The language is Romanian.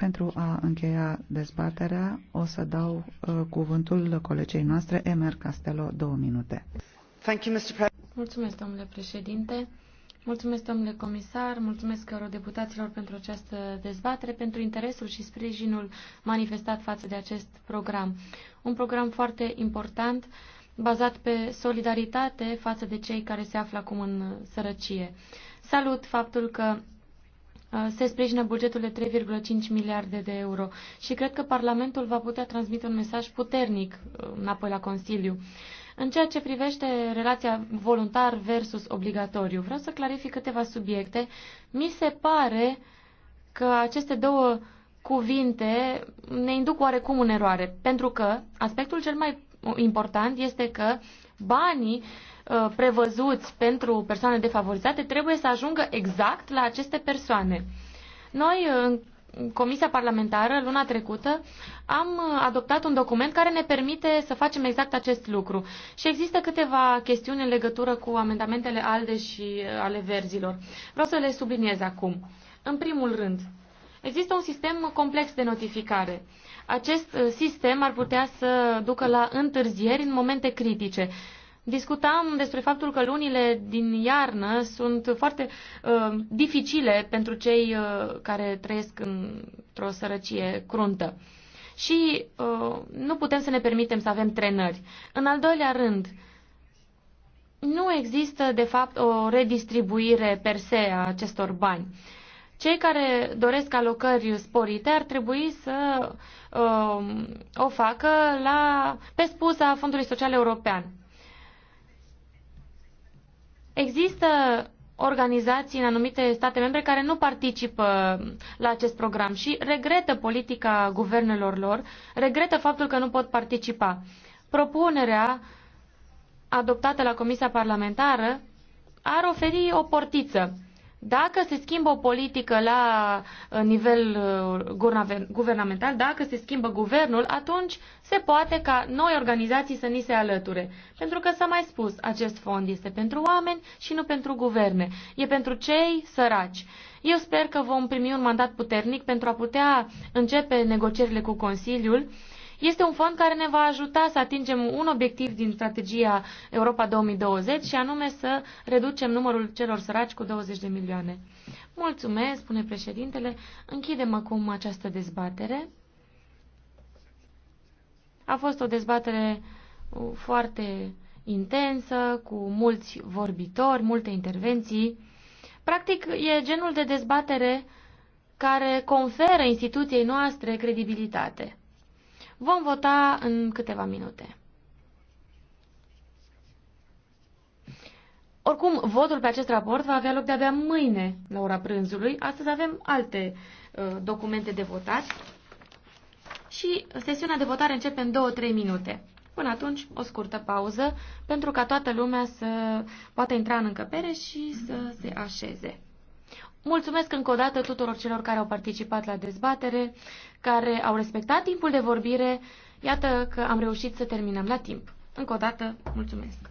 Pentru a încheia dezbaterea, o să dau uh, cuvântul colegei noastre, Emer Castelo, două minute. Thank you, Mr. Mulțumesc, domnule președinte. Mulțumesc, domnule comisar, mulțumesc eurodeputaților pentru această dezbatere, pentru interesul și sprijinul manifestat față de acest program. Un program foarte important, bazat pe solidaritate față de cei care se află acum în sărăcie. Salut faptul că Uh, se sprijină bugetul de 3,5 miliarde de euro și cred că Parlamentul va putea transmite un mesaj puternic uh, înapoi la Consiliu. În ceea ce privește relația voluntar versus obligatoriu, vreau să clarific câteva subiecte. Mi se pare că aceste două cuvinte ne induc oarecum în eroare, pentru că aspectul cel mai important este că banii uh, prevăzuți pentru persoane defavorizate trebuie să ajungă exact la aceste persoane. Noi, uh, în Comisia Parlamentară, luna trecută, am uh, adoptat un document care ne permite să facem exact acest lucru. Și există câteva chestiuni în legătură cu amendamentele ALDE și ale verzilor. Vreau să le subliniez acum. În primul rând, Există un sistem complex de notificare. Acest uh, sistem ar putea să ducă la întârzieri în momente critice. Discutam despre faptul că lunile din iarnă sunt foarte uh, dificile pentru cei uh, care trăiesc într-o sărăcie cruntă. Și uh, nu putem să ne permitem să avem trenări. În al doilea rând, nu există, de fapt, o redistribuire per se a acestor bani. Uh, cei care doresc alocări sporite ar trebui să uh, o facă la, pe spusa Fondului Social European. Există organizații în anumite state membre care nu participă la acest program și regretă politica guvernelor lor, regretă faptul că nu pot participa. Propunerea adoptată la Comisia Parlamentară ar oferi o portiță dacă se schimbă o politică la uh, nivel uh, guvernamental, dacă se schimbă guvernul, atunci se poate ca noi organizații să ni se alăture. Pentru că s-a mai spus, acest fond este pentru oameni și nu pentru guverne. E pentru cei săraci. Eu sper că vom primi un mandat puternic pentru a putea începe negocierile cu Consiliul este un fond care ne va ajuta să atingem un obiectiv din strategia Europa 2020 și anume să reducem numărul celor săraci cu 20 de milioane. Mulțumesc, spune președintele. Închidem acum această dezbatere. A fost o dezbatere uh, foarte intensă, cu mulți vorbitori, multe intervenții. Practic, e genul de dezbatere care conferă instituției noastre credibilitate. Vom vota în câteva minute. Oricum, votul pe acest raport va avea loc de-abia mâine, la ora prânzului. Astăzi avem alte uh, documente de votat și sesiunea de votare începe în 2-3 minute. Până atunci, o scurtă pauză pentru ca toată lumea să poată intra în încăpere și să se așeze. Mulțumesc încă o dată tuturor celor care au participat la dezbatere, care au respectat timpul de vorbire. Iată că am reușit să terminăm la timp. Încă o dată, mulțumesc!